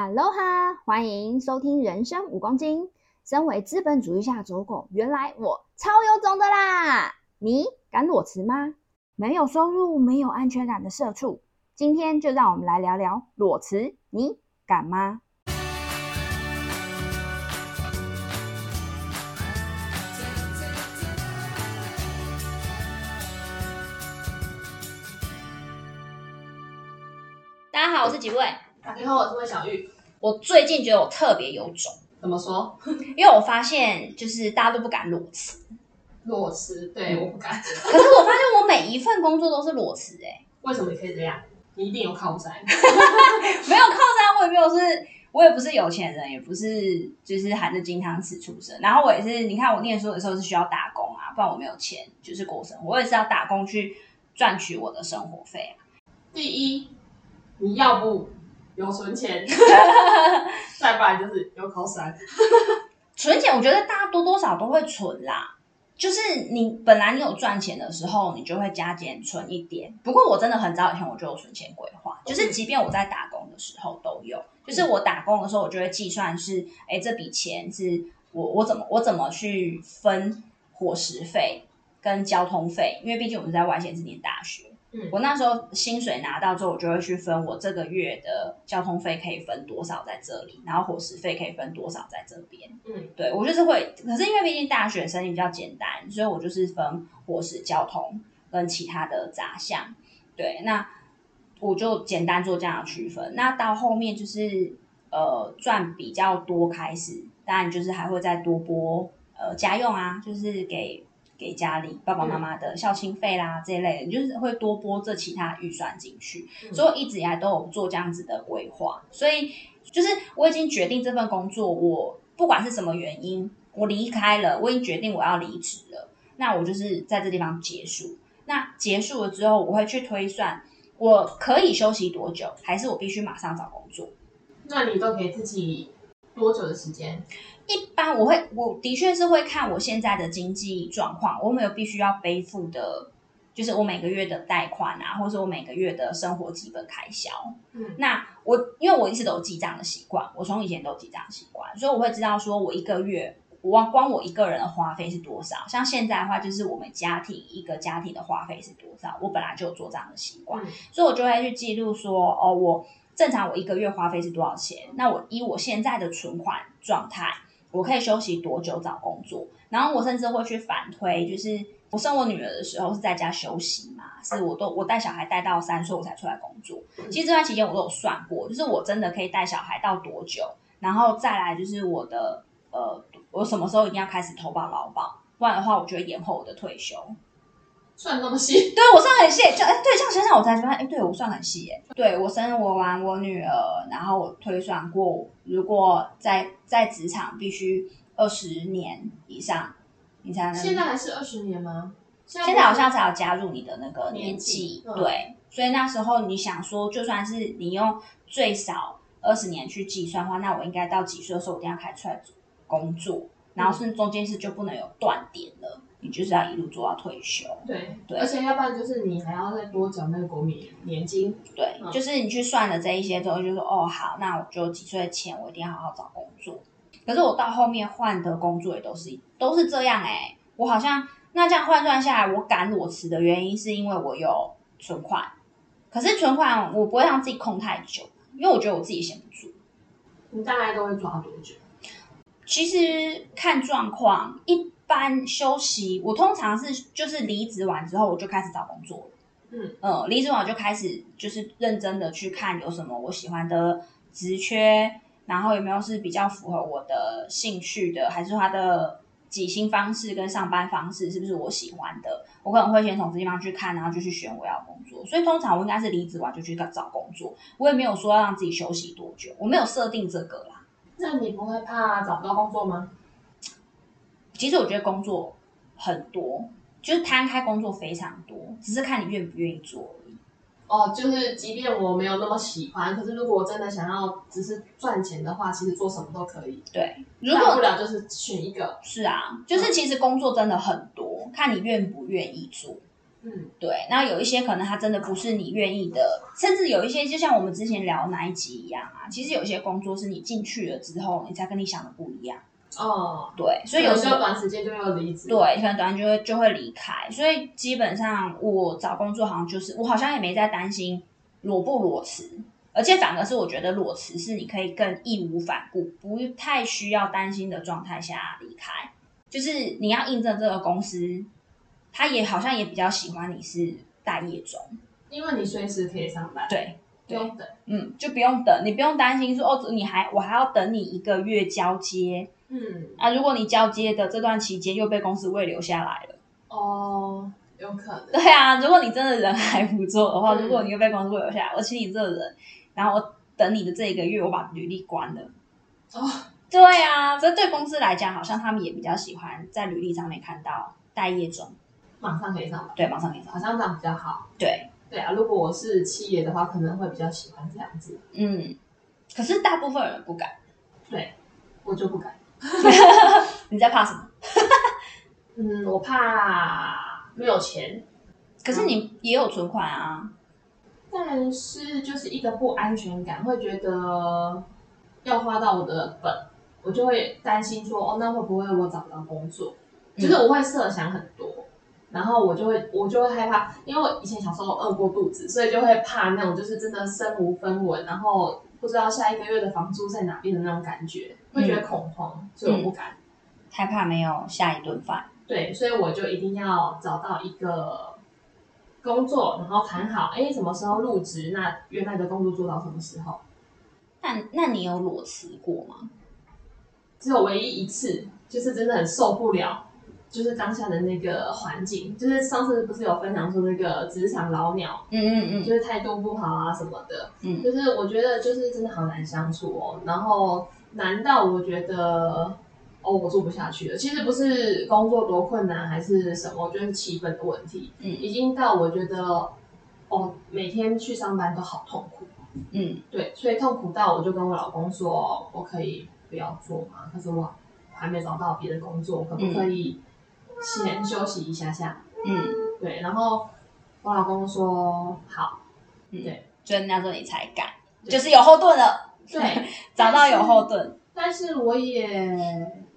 Hello 哈，歡迎收聽《人生武功經》。身為資本主義下的走狗，原來我超有種的啦！你敢裸辭嗎？沒有收入、沒有安全感的社畜，今天就讓我們來聊聊裸辭，你敢嗎？大家好，我是幾位。你好，我是魏小玉。我最近覺得我特別有種，怎麼說？因為我發現就是大家都不敢裸辭。裸辭？對，我不敢。 可是我發現我每一份工作都是裸辭哎、欸。為什麼你可以這樣？你一定有靠山。 沒有靠山，我也沒有是，我也不是有錢人，也不是就是含着金湯匙出生。然後我也是，你看我念書的時候是需要打工啊，不然我沒有錢就是過生活。我也是要打工去賺取我的生活費、啊、第一，你要不。有存錢， 再不然就是有靠山。 存錢，我覺得大家多多少少都會存啦。就是你本來你有賺錢的時候，你就會加減存一點。不過我真的很早以前我就有存錢規劃，就是即便我在打工的時候都有。就是我打工的時候，我就會計算是，哎、欸，這筆錢是我我怎麼我怎麼去分伙食費跟交通費，因為畢竟我們是在外縣市念大學。嗯，我那時候薪水拿到之後，我就會去分我這個月的交通費可以分多少在這裡，然後伙食費可以分多少在這邊。嗯，對我就是會，可是因為畢竟大學生也比較簡單，所以我就是分伙食、交通跟其他的雜項。對，那我就簡單做這樣的區分。那到後面就是呃賺比較多開始，當然就是還會再多撥呃家用啊，就是給。給家裡爸爸媽媽的孝親費啦、嗯、這一類的，就是會多撥這其他預算進去，嗯，所以我一直以來都有做這樣子的規劃。所以就是我已經決定這份工作，我不管是什麼原因，我離開了，我已經決定我要離職了。那我就是在這地方結束。那結束了之後，我會去推算我可以休息多久，還是我必須馬上找工作？那你都給自己多久的時間？一般我會，我的確是會看我現在的經濟狀況，我沒有必須要背負的，就是我每個月的貸款啊，或是我每個月的生活基本開銷。嗯，那我因為我一直都有記賬的習慣，我從以前都有記賬的習慣，所以我會知道說我一個月我光我一個人的花費是多少。像現在的話，就是我們家庭一個家庭的花費是多少。我本來就有做賬的習慣、嗯，所以我就會去記錄說，哦，我正常我一個月花費是多少錢？那我以我現在的存款狀態。我可以休息多久找工作？然後我甚至會去反推，就是我生我女兒的時候是在家休息嘛，是我都我帶小孩帶到三歲我才出來工作。其實這段期間我都有算過，就是我真的可以帶小孩到多久，然後再來就是我的呃，我什麼時候一定要開始投保勞保，不然的話，我就會延後我的退休。算東西，對我算很細，像哎、欸，對，這樣想想我才覺得，哎、欸，對我算很細耶。對我生我玩我女兒，然後我推算過，如果在在職場必須二十年以上，你才能現在還是二十年嗎現？現在好像才有加入你的那個年紀、啊，對，所以那時候你想說，就算是你用最少二十年去計算的話，那我應該到幾歲的時候我一定要開始出來工作，然後是中間是就不能有斷點了。嗯你就是要一路做到退休，對，對，而且要不然就是你還要再多繳那個國民年金。對、嗯，就是你去算了這一些之後，就說哦好，那我就幾歲前我一定要好好找工作。可是我到後面換的工作也都是都是這樣哎、欸，我好像那這樣換算下來，我敢裸辭的原因是因為我有存款，可是存款我不會讓自己空太久，因為我覺得我自己閒不住。你大概都會抓多久？其實看狀況一。班休息，我通常是就是離職完之後我就開始找工作了。嗯呃，離職完我就開始就是認真的去看有什麼我喜歡的職缺，然後有沒有是比較符合我的興趣的，還是他的計薪方式跟上班方式是不是我喜歡的？我可能會先從這地方去看，然後就去選我要工作。所以通常我應該是離職完就去找工作，我也沒有說要讓自己休息多久，我沒有設定這個啦。那你不會怕找不到工作嗎？其實我覺得工作很多，就是攤開工作非常多，只是看你願不願意做而已。哦，就是即便我沒有那麼喜歡，可是如果我真的想要只是賺錢的話，其實做什麼都可以。對，大不了就是選一個。是啊，就是其實工作真的很多，嗯、看你願不願意做。嗯，對。那有一些可能他真的不是你願意的，甚至有一些就像我們之前聊那一集一樣啊，其實有一些工作是你進去了之後，你才跟你想的不一樣。哦、oh，對，所以有時候短時間就要離職，對，可能短時間會就會離開，所以基本上我找工作好像就是，我好像也沒在擔心裸不裸辭，而且反而是我覺得裸辭是你可以更義無反顧，不太需要擔心的狀態下離開，就是你要印證這個公司，他也好像也比較喜歡你是待業中，因為你隨時可以上班，對，不用等，嗯，就不用等，你不用擔心說哦，你還我還要等你一個月交接。嗯啊，如果你交接的這段期間又被公司慰留下來了，哦，有可能。對啊，如果你真的人還不錯的話、嗯，如果你又被公司慰留下來，我請你這個人，然後我等你的這一個月，我把履歷關了。哦，對啊，這對公司來講，好像他們也比較喜歡在履歷上面看到待業中，馬上可以上吧，對，馬上可以上，好像這樣比較好。對，對啊，如果我是企業的話，可能會比較喜歡這樣子。嗯，可是大部分人不敢。對，我就不敢。 你在怕什麼？ 嗯，我怕沒有錢。可是你也有存款啊，嗯。但是就是一個不安全感，會覺得要花到我的本，我就會擔心說，哦，那會不會我找不到工作？就是我會設想很多，嗯，然後我就會我就會害怕，因為我以前小時候餓過肚子，所以就會怕那種就是真的身無分文，然後。不知道下一個月的房租在哪邊的那種感覺，會覺得恐慌，嗯，所以我不敢。嗯，害怕沒有下一頓飯。對，所以我就一定要找到一個工作，然後談好，哎、欸，什麼時候入職？那原來的工作做到什麼時候？那那你有裸辭過嗎？只有唯一一次，就是真的很受不了。就是當下的那個環境，就是上次不是有分享說那個職場老鳥，嗯嗯嗯，就是態度不好啊什麼的，嗯，就是我覺得就是真的好難相處哦。然後難道我覺得哦我做不下去了？其實不是工作多困難，還是什麼，就是氣氛的問題，嗯，已經到我覺得哦每天去上班都好痛苦，嗯，對，所以痛苦到我就跟我老公說我可以不要做嗎？他說我還沒找到別的工作，可不可以嗯嗯？先休息一下下，嗯，對，然後我老公說好，嗯，對，就那時候你才敢，就是有後盾了，對， 找到有後盾，但是我也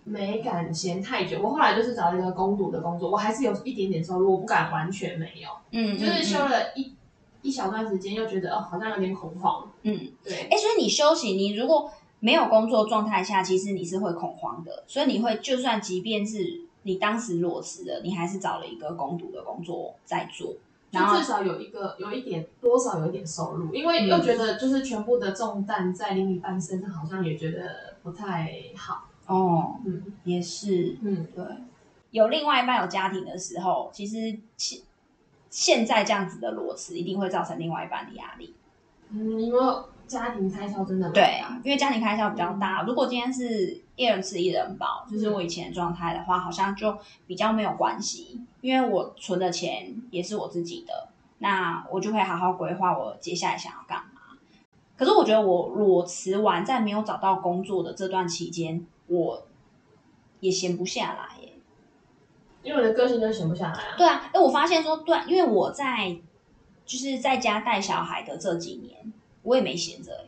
沒敢閒太久，嗯，我後來就是找了一個工讀的工作，我還是有一點點收入，我不敢完全沒有，嗯，就是休了一，嗯，一小段時間，又覺得哦，好像有點恐慌，嗯，對，哎，欸，所以你休息，你如果沒有工作狀態下，其實你是會恐慌的，所以你會就算即便是。你當時裸辭了，你還是找了一個工讀的工作在做，然後，就至少有一個，有一點，多少有一點收入，因為又覺得就是全部的重擔在另一半身上，好像也覺得不太好。哦，嗯，也是，嗯，對，有另外一半有家庭的時候，其實現現在這樣子的裸辭一定會造成另外一半的壓力。嗯。有家庭開銷真的大，對啊，因為家庭開銷比較大。嗯、如果今天是人一人吃一人飽，就是我以前的狀態的話，好像就比較沒有關係，因為我存的錢也是我自己的，那我就會好好規劃我接下來想要幹嘛。可是我覺得，我裸辭完在沒有找到工作的這段期間，我也閒不下來，欸，因為我的個性都閒不下來啊。對啊，哎，我發現說對，啊，因為我在就是在家帶小孩的這幾年。我也沒閒着，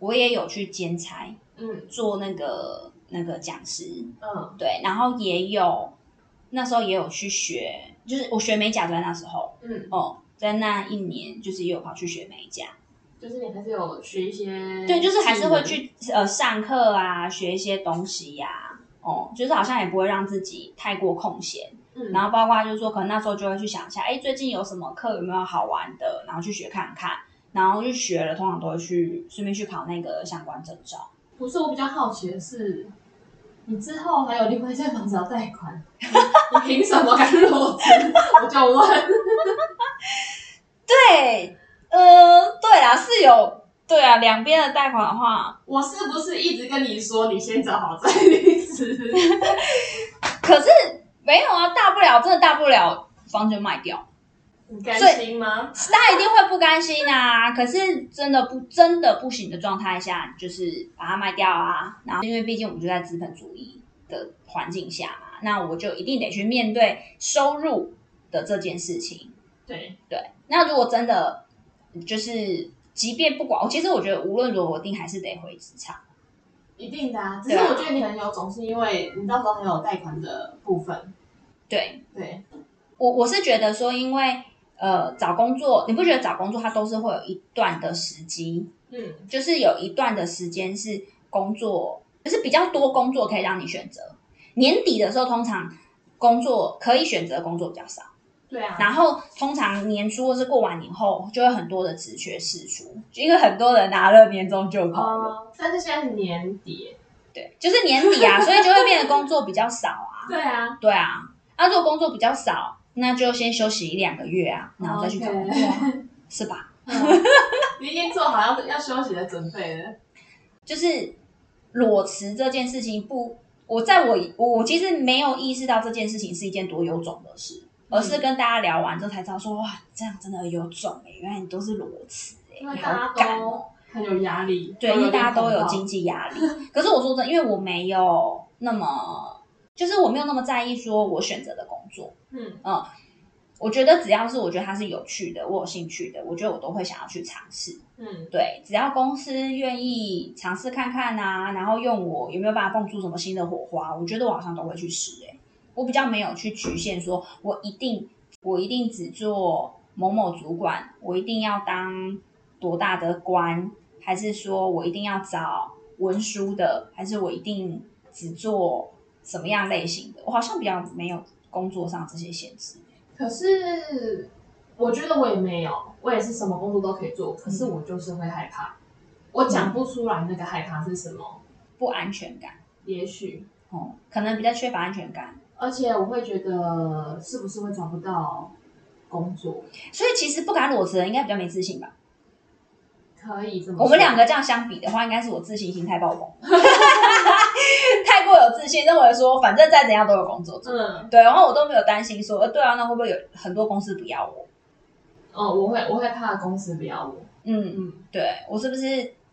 我也有去兼差，嗯，做那個那個講師，嗯，對，然後也有那時候也有去學，就是我學美甲在那時候，嗯，哦、嗯，在那一年就是也有跑去學美甲，就是你還是有學一些，對，就是還是會去呃上課啊，學一些東西呀、啊，哦、嗯，就是好像也不會讓自己太過空閒、嗯，然後包括就是說可能那時候就會去想一下，哎、欸，最近有什麼課有沒有好玩的，然後去學看看。然後就學了，通常都會去順便去考那個相關證照。不是，我比較好奇的是，你之後還有另外一間房子要貸款， 你憑什麼敢裸辭？我就問。 對，呃，對啊，是有，對啊，兩邊的貸款的話，我是不是一直跟你說，你先找好再離職？ 可是沒有啊，大不了真的大不了，房子賣掉。不甘心嗎？大家一定會不甘心啊！ 可是真的不真的不行的狀態下，就是把它賣掉啊。然後因為畢竟我們就在資本主義的環境下嘛，那我就一定得去面對收入的這件事情。對對，那如果真的就是，即便不管，其實我覺得無論如何，我定還是得回職場。一定的啊，只是我覺得你很有種，總是因為你到時候很有貸款的部分。對對，我我是覺得說，因為。呃，找工作你不覺得找工作它都是會有一段的時機，嗯，就是有一段的時間是工作，就是比較多工作可以讓你選擇。年底的時候通常工作可以選擇工作比較少，對啊。然後通常年初或是過完年後就會有很多的職缺釋出。就因為很多人拿了年終就跑了，呃。但是現在是年底欸，對，就是年底啊，所以就會變得工作比較少啊。對啊，對啊，那、啊、如果工作比較少。那就先休息一兩個月啊，然後再去找工作，okay. 是吧？嗯、 你已經做好要要休息的準備了。就是裸辭這件事情，不，我在我我,我其實沒有意識到這件事情是一件多有種的事，嗯、而是跟大家聊完之後才知道說，說哇，這樣真的有種誒、欸，原來你都是裸辭誒、欸，好敢、喔，因為大家都很有壓力，對，因為大家都有經濟壓力。 可是我說真的，因為我沒有那麼。就是我沒有那麼在意，說我選擇的工作，嗯嗯，我覺得只要是我覺得它是有趣的，我有興趣的，我覺得我都會想要去嘗試，嗯，對，只要公司願意嘗試看看啊，然後用我有沒有辦法迸出什麼新的火花，我覺得我好像都會去試。欸，我比較沒有去局限，說我一定我一定只做某某主管，我一定要當多大的官，還是說我一定要找文書的，還是我一定只做。什麼樣類型的？我好像比較沒有工作上這些限制。可是我覺得我也沒有，我也是什麼工作都可以做。可是我就是會害怕，嗯、我講不出來那個害怕是什麼，不安全感，也許哦、嗯，可能比較缺乏安全感，而且我會覺得是不是會找不到工作。所以其實不敢裸辭的人應該比較沒自信吧？可以這麼說。我們兩個這樣相比的話，應該是我自信心太爆棚。 過有自信，認為說反正再怎樣都有工作的。嗯，對，然後我都沒有擔心說，呃，對啊，那會不會有很多公司不要我？哦，我會，我會怕公司不要我。嗯嗯，對，我是不是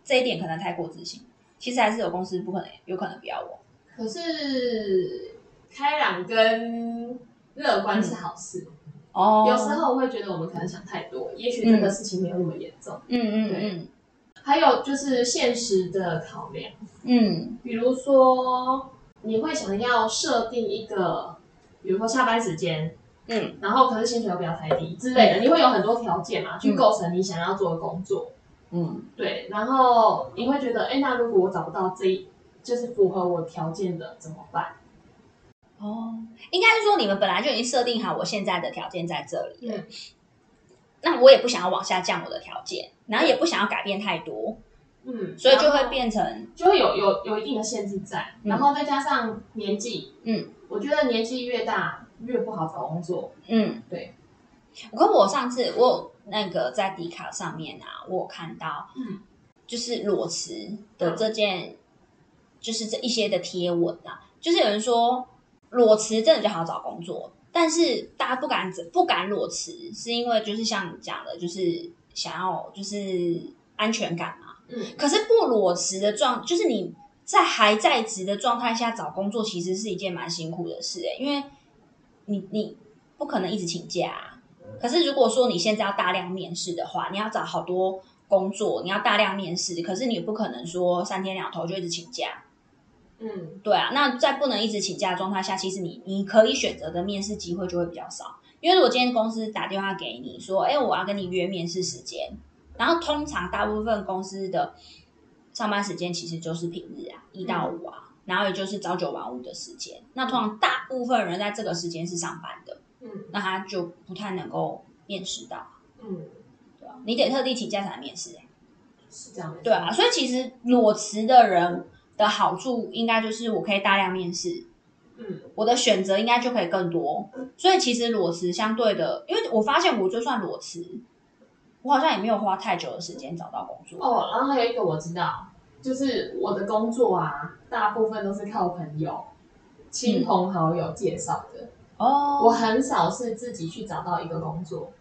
這一點可能太過自信？其實還是有公司不可能，有可能不要我。可是開朗跟樂觀是好事哦。嗯。有時候我會覺得我們可能想太多，也許這個事情沒有那麼嚴重。嗯嗯嗯。嗯嗯對還有就是現實的考量，嗯，比如說你會想要設定一個，比如說下班時間，嗯，然後可是薪水又不要太低之類的，嗯，你會有很多條件嘛，啊嗯，去構成你想要做的工作，嗯，對，然後你會覺得，哎、欸，那如果我找不到這一就是符合我條件的怎麼辦？哦，應該是說你們本來就已經設定好我現在的條件在這裡。對那我也不想要往下降我的條件，然後也不想要改變太多，嗯，所以就會變成就會有有有一定的限制在，嗯，然後再加上年紀，嗯，我覺得年紀越大越不好找工作，嗯，對。我跟我上次我有那個在迪卡上面啊，我有看到，嗯，就是裸辭的這件，嗯，就是這一些的貼文啊，就是有人說裸辭真的就好找工作。但是大家不敢、不敢裸辭，是因為就是像你講的，就是想要就是安全感嘛。嗯。可是不裸辭的狀，就是你在還在職的狀態下找工作，其實是一件蠻辛苦的事誒、欸，因為你你不可能一直請假、啊。可是如果說你現在要大量面試的話，你要找好多工作，你要大量面試，可是你也不可能說三天兩頭就一直請假。嗯，對啊，那在不能一直請假的狀態下，其實你你可以選擇的面試機會就會比較少。因為如果今天公司打電話給你說，哎、欸，我要跟你約面試時間，然後通常大部分公司的上班時間其實就是平日啊，一到五啊、嗯，然後也就是朝九晚五的時間。那通常大部分人在這個時間是上班的，嗯，那他就不太能夠面試到，嗯，對啊，你得特地請假才來面試、欸、是這樣的，對啊，所以其實裸辭的人。的好處應該就是我可以大量面試，嗯，我的選擇應該就可以更多。所以其實裸辭相對的，因為我發現我就算裸辭，我好像也沒有花太久的時間找到工作哦。然後還有一個我知道，就是我的工作啊，大部分都是靠朋友、親朋好友介紹的哦、嗯。我很少是自己去找到一個工作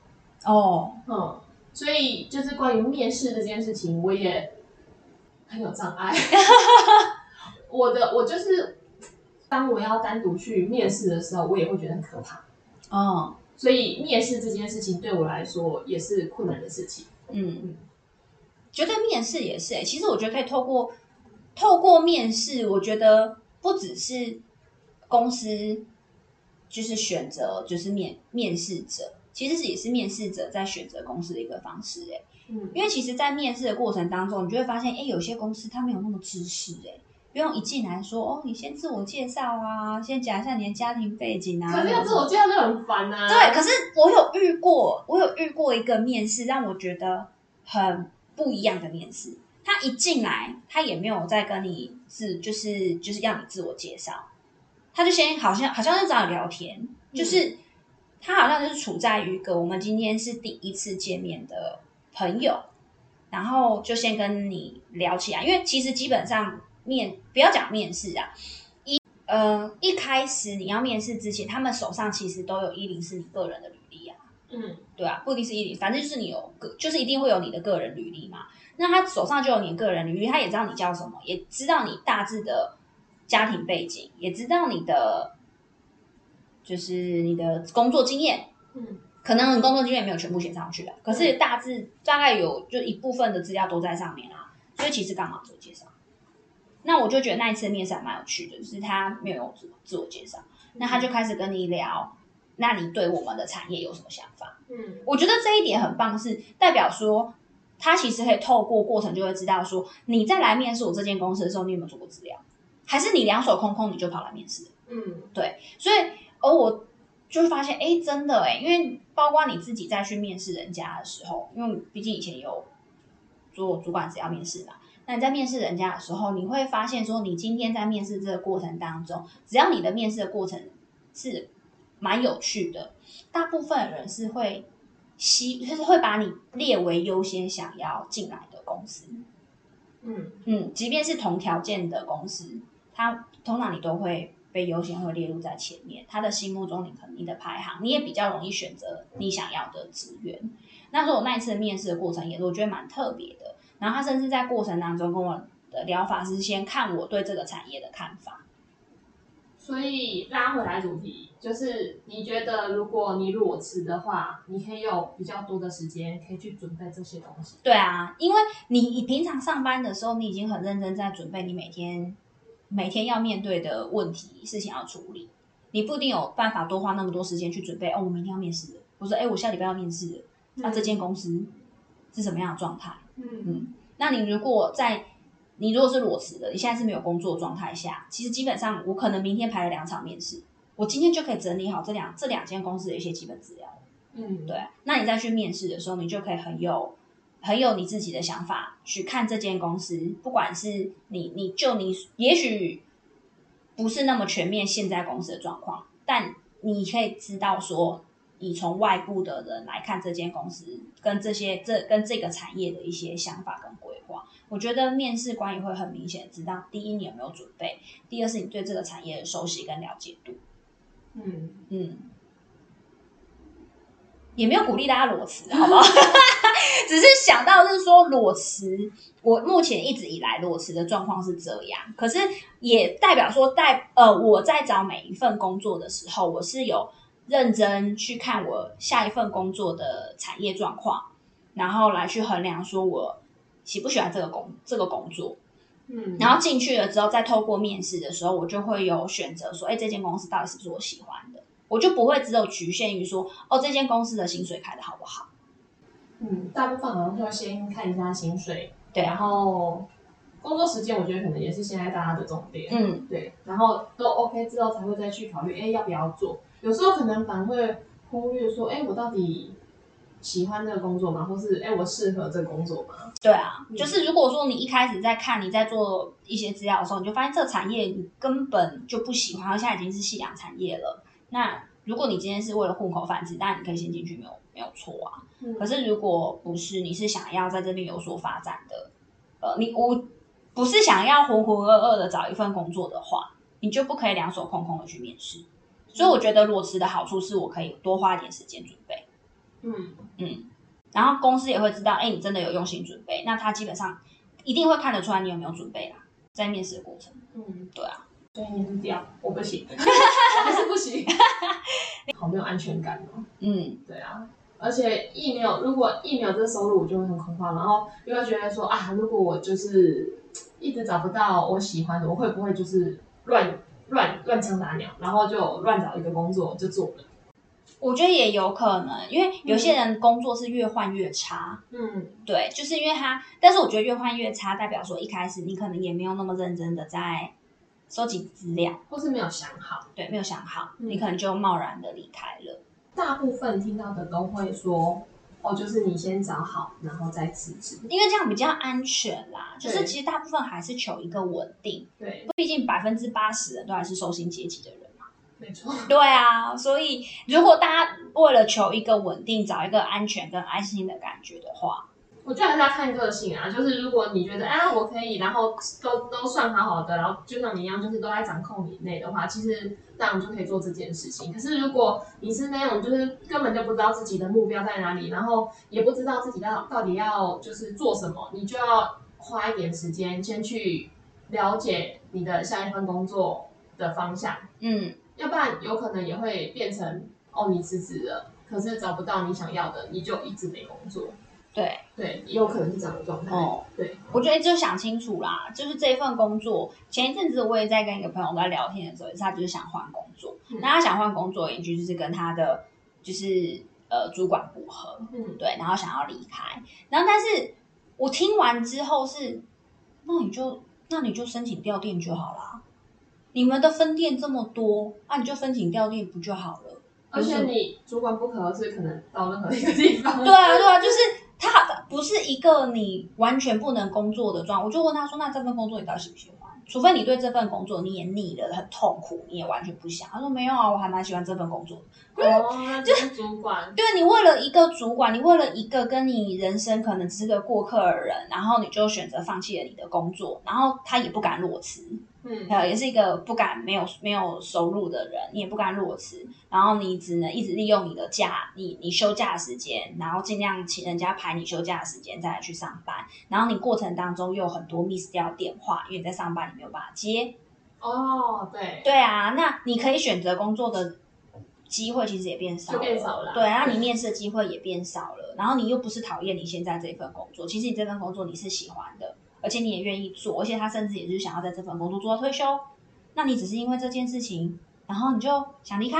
哦。嗯，所以就是關於面試這件事情，我也。 很有障礙， 我的我就是當我要單獨去面試的時候，我也會覺得很可怕哦。所以面試這件事情對我來說也是困難的事情。嗯，嗯覺得面試也是、欸、其實我覺得可以透過透過面試，我覺得不只是公司就是選擇，就是面面試者。其實是也是面試者在選擇公司的一個方式哎、欸嗯，因為其實，在面試的過程當中，你就會發現，哎、欸，有些公司它沒有那麼正式哎，不用一進來說，哦，你先自我介紹啊，先講一下你的家庭背景啊。可是要自我介紹就很煩啊。對，可是我有遇過，我有遇過一個面試讓我覺得很不一樣的面試，他一進來，他也沒有在跟你是就是就是讓你自我介紹，他就先好像好像是找你聊天，嗯、就是。他好像就是處在於一個我們今天是第一次見面的朋友，然後就先跟你聊起來，因為其實基本上面不要講面試啊，一呃一開始你要面試之前，他們手上其實都有104是你個人的履歷啊，嗯，對啊，不一定是104，反正就是你有個就是一定會有你的個人履歷嘛，那他手上就有你個人履歷，他也知道你叫什麼，也知道你大致的家庭背景，也知道你的。就是你的工作經驗、嗯，可能你工作經驗沒有全部寫上去的、嗯、可是大致大概有就一部分的資料都在上面啊，所以其實幹嘛做介紹？那我就覺得那一次的面試還蠻有趣的，就是他沒有做自,自我介紹、嗯，那他就開始跟你聊，那你對我們的產業有什麼想法？嗯，我覺得這一點很棒，是代表說他其實可以透過過程就會知道說你在來面試我這間公司的時候，你有沒有做過資料，還是你兩手空空你就跑來面試？嗯，對，所以。而我就發現，哎，真的哎，因為包括你自己再去面試人家的時候，因為畢竟以前有做主管，只要面試嘛，那你在面試人家的時候，你會發現說，你今天在面試這個過程當中，只要你的面試的過程是蠻有趣的，大部分人是會吸，就是會把你列為優先想要進來的公司。嗯嗯，即便是同條件的公司，他通常你都會。被優先會列入在前面，他的心目中，你可能你的排行，你也比較容易選擇你想要的資源。那如果那一次面試的過程，也是我覺得蠻特別的。然後他甚至在過程當中跟我的聊法是，先看我對這個產業的看法。所以拉回來主題，就是你覺得如果你裸辭的話，你可以有比較多的時間可以去準備這些東西。對啊，因為你你平常上班的時候，你已經很認真在準備，你每天。每天要面對的問題、事情要處理，你不一定有辦法多花那麼多時間去準備。哦，我明天要面試的，我說，哎，我下禮拜要面試的，那、嗯啊、這間公司是什麼樣的狀態？嗯嗯，那你如果在你如果是裸辭的，你現在是沒有工作的狀態下，其實基本上我可能明天排了兩場面試，我今天就可以整理好這兩這兩間公司的一些基本資料，嗯，對、啊，那你再去面試的時候，你就可以很有。很有你自己的想法去看這間公司，不管是你，你就你，也許不是那麼全面，現在公司的狀況，但你可以知道說，你從外部的人來看這間公司跟這些這跟這個產業的一些想法跟規劃，我覺得面試官也會很明顯知道，第一你有沒有準備，第二是你對這個產業的熟悉跟了解度。嗯嗯，也沒有鼓勵大家裸辭，好不好？ 只是想到就是說裸辭，我目前一直以來裸辭的狀況是這樣，可是也代表說代呃我在找每一份工作的時候，我是有認真去看我下一份工作的產業狀況，然後來去衡量說我喜不喜歡這個工這個工作，嗯，然後進去了之後再透過面試的時候，我就會有選擇說，哎，這間公司到底是不是我喜歡的，我就不會只有局限於說，哦，這間公司的薪水開的好不好。嗯，大部分可能就會先看一下薪水，對、啊，然後工作時間，我覺得可能也是現在大家的重點，嗯，對，然後都 OK 之後才會再去考慮，哎、欸，要不要做？有時候可能反而會忽略說，哎、欸，我到底喜歡這個工作嗎？或是哎、欸，我適合這個工作嗎？對啊、嗯，就是如果說你一開始在看、你在做一些資料的時候，你就發現這個產業你根本就不喜歡，而且已經是夕陽產業了，那如果你今天是為了混口飯吃，當然你可以先進去沒有？沒有錯啊，可是如果不是你是想要在這邊有所發展的，呃，你我不是想要渾渾噩噩的找一份工作的話，你就不可以兩手空空的去面試。嗯、所以我覺得裸辭的好處是我可以多花一點時間準備，嗯嗯，然後公司也會知道，哎、欸，你真的有用心準備，那他基本上一定會看得出來你有沒有準備啦、啊，在面試的過程，嗯，對啊，所以你是這樣，我不行， 還是不行， 好沒有安全感哦、喔，嗯，對啊。而且沒有，如果沒有這個收入我就會很恐慌，然後又會覺得說，啊，如果我就是一直找不到我喜歡的，我會不會就是亂亂亂槍打鳥，然後就亂找一個工作就做了？我覺得也有可能，因為有些人工作是越換越差，嗯，對，就是因為他，但是我覺得越換越差，代表說一開始你可能也沒有那麼認真的在收集資料，或是沒有想好，對，沒有想好，嗯、你可能就貿然的離開了。大部分聽到的都會說，哦，就是你先找好，然後再辭職，因為這樣比較安全啦。就是其實大部分還是求一個穩定，對，畢竟百分之八十人都還是受薪階級的人嘛，沒錯，對啊。所以如果大家為了求一個穩定，找一個安全跟安心的感覺的話。我覺得還是要看個性啊，就是如果你覺得啊，我可以，然後都都算好好的，然後就像你一樣，就是都在掌控以內的話，其實這樣就可以做這件事情。可是如果你是那種就是根本就不知道自己的目標在哪裡，然後也不知道自己要到底要就是做什麼，你就要花一點時間先去了解你的下一份工作的方向。嗯，要不然有可能也會變成哦，你辭職了，可是找不到你想要的，你就一直沒工作。對對，也有可能是這樣的狀態哦。對，我覺得你就想清楚啦。就是這份工作，前一陣子我也在跟一個朋友在聊天的時候，就是、他就是想換工作。嗯、那他想換工作，一句就是跟他的就是呃主管不合、嗯，對，然後想要離開。然後但是我聽完之後是，那你就那你就申請調店就好啦。你們的分店這麼多，那、啊、你就申請調店不就好了？而且你主管不合是可能到任何一個地方。 對啊，對啊，就是。他好像不是一個你完全不能工作的狀，我就問他說：“那這份工作你到底喜不喜歡？除非你對這份工作你也膩了，很痛苦，你也完全不想。”他說：“沒有啊，我還蠻喜歡這份工作。”哦，就是主管。對，你為了一個主管，你為了一個跟你人生可能只是個過客的人，然後你就選擇放棄了你的工作，然後他也不敢裸辭。嗯，還有也是一個不敢沒有沒有收入的人，你也不敢裸辭。然後你只能一直利用你的假，你你休假的時間，然後盡量請人家排你休假的時間再來去上班，然後你過程當中又有很多 miss 掉電話，因為你在上班你沒有辦法接。哦，對。對啊，那你可以選擇工作的機會其實也變少了，就變少了。對，然後你面試的機會也變少了，嗯，然後你又不是討厭你現在這份工作，其實你這份工作你是喜歡的。而且你也願意做，而且他甚至也是想要在這份工作做到退休。那你只是因為這件事情，然後你就想離開，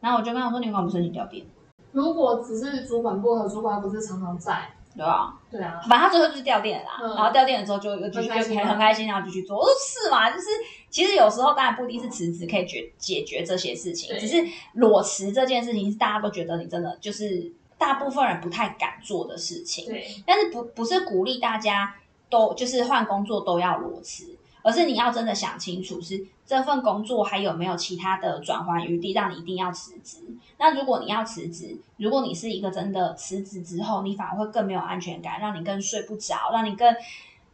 然後我就跟他說：“你為什麼不申請調店？”如果只是主管不合，主管不是常常在？對啊，對啊，反正最後就是調店啦，嗯。然後調店了之後就，嗯，就就，很開心，很開心，然後就去做，做。我說是嘛，就是其實有時候當然不一定是辭職可以解解決這些事情，哦，只是裸辭這件事情，是大家都覺得你真的就是大部分人不太敢做的事情。對，但是不不是鼓勵大家。都就是換工作都要裸辭，而是你要真的想清楚，是這份工作還有沒有其他的轉換餘地，讓你一定要辭職？那如果你要辭職，如果你是一個真的辭職之後，你反而會更沒有安全感，讓你更睡不着，讓你更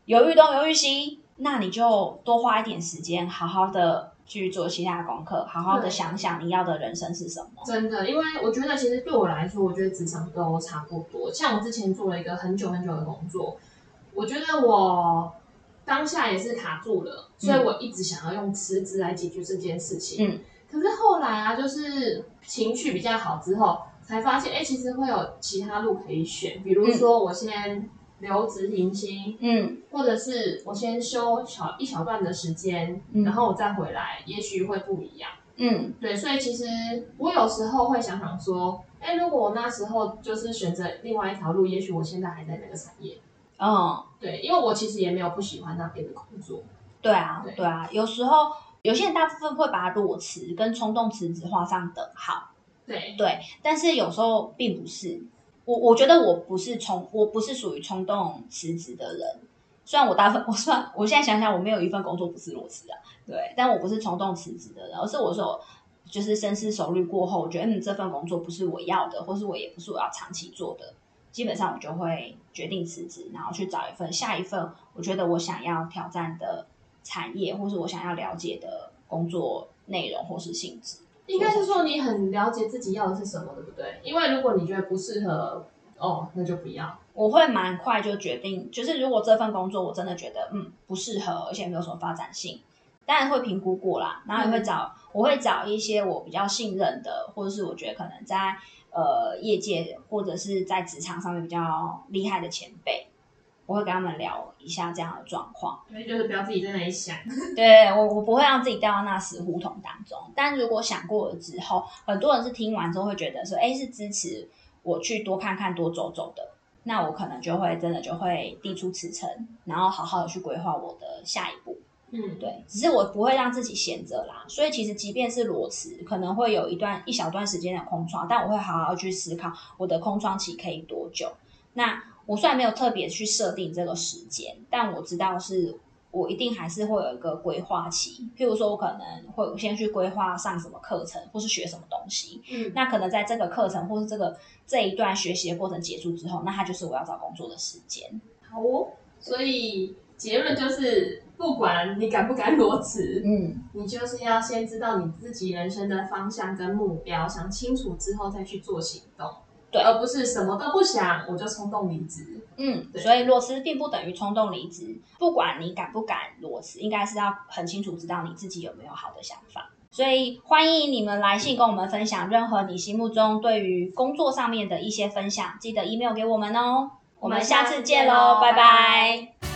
猶豫東猶豫西，那你就多花一點時間，好好的去做其他的功課，好好的想想你要的人生是什麼。真的，因為我覺得其實對我來說，我覺得職場都差不多。像我之前做了一個很久很久的工作。我覺得我當下也是卡住了，所以我一直想要用辭職來解決這件事情。嗯，可是後來啊，就是情緒比較好之後，才發現，哎，欸，其實會有其他路可以選。比如說，我先留職停薪，嗯，或者是我先休小一小段的時間，嗯，然後我再回來，也許會不一樣。嗯，對，所以其實我有時候會想想說，哎，欸，如果我那時候就是選擇另外一條路，也許我現在還在那個產業。嗯，對，因為我其實也沒有不喜歡那邊的工作。對啊，對，對啊，有時候有些人大部分會把裸辭跟衝動辭職畫上等號。對對，但是有時候並不是，我我覺得我不是衝，我不是屬於衝動辭職的人。雖然我大部分，我算，我現在想想，我沒有一份工作不是裸辭的，對，但我不是衝動辭職的人，而是我說就是深思熟慮過後，我覺得你、嗯、這份工作不是我要的，或是我也不是我要長期做的。基本上我就會決定辭職，然後去找一份下一份我覺得我想要挑戰的產業，或是我想要了解的工作內容或是性質。應該是說你很了解自己要的是什麼，對不對？因為如果你覺得不適合，哦，那就不要。我會蠻快就決定，就是如果這份工作我真的覺得嗯不適合，而且沒有什麼發展性，當然會評估過啦，然後也會找、嗯、我會找一些我比較信任的，或者是我覺得可能在。呃，業界或者是在職場上面比較厲害的前輩，我會跟他們聊一下這樣的狀況。所以就是不要自己在那裡想。 對，我我不會讓自己掉到那死胡同當中。但如果想過了之後，很多人是聽完之後會覺得說，哎、欸，是支持我去多看看、多走走的。那我可能就會真的就會遞出辭呈，然後好好的去規劃我的下一步。嗯，對，只是我不會讓自己閒着啦，所以其實即便是裸辭，可能會有一段一小段時間的空窗，但我會好好去思考我的空窗期可以多久。那我雖然沒有特別去設定這個時間，但我知道是我一定還是會有一個規劃期。譬如說我可能會先去規劃上什麼課程，或是學什麼東西。嗯，那可能在這個課程或是這個這一段學習的過程結束之後，那它就是我要找工作的時間。好哦，所以結論就是。不管你敢不敢裸辭，嗯，你就是要先知道你自己人生的方向跟目標，想清楚之後再去做行動，對，而不是什麼都不想我就衝動離職。嗯，所以裸辭並不等於衝動離職，嗯，不管你敢不敢裸辭，應該是要很清楚知道你自己有沒有好的想法。所以歡迎你們來信跟我們分享任何你心目中對於工作上面的一些分享，記得 email 給我們哦，喔。我們下次見嘍，拜拜。拜拜。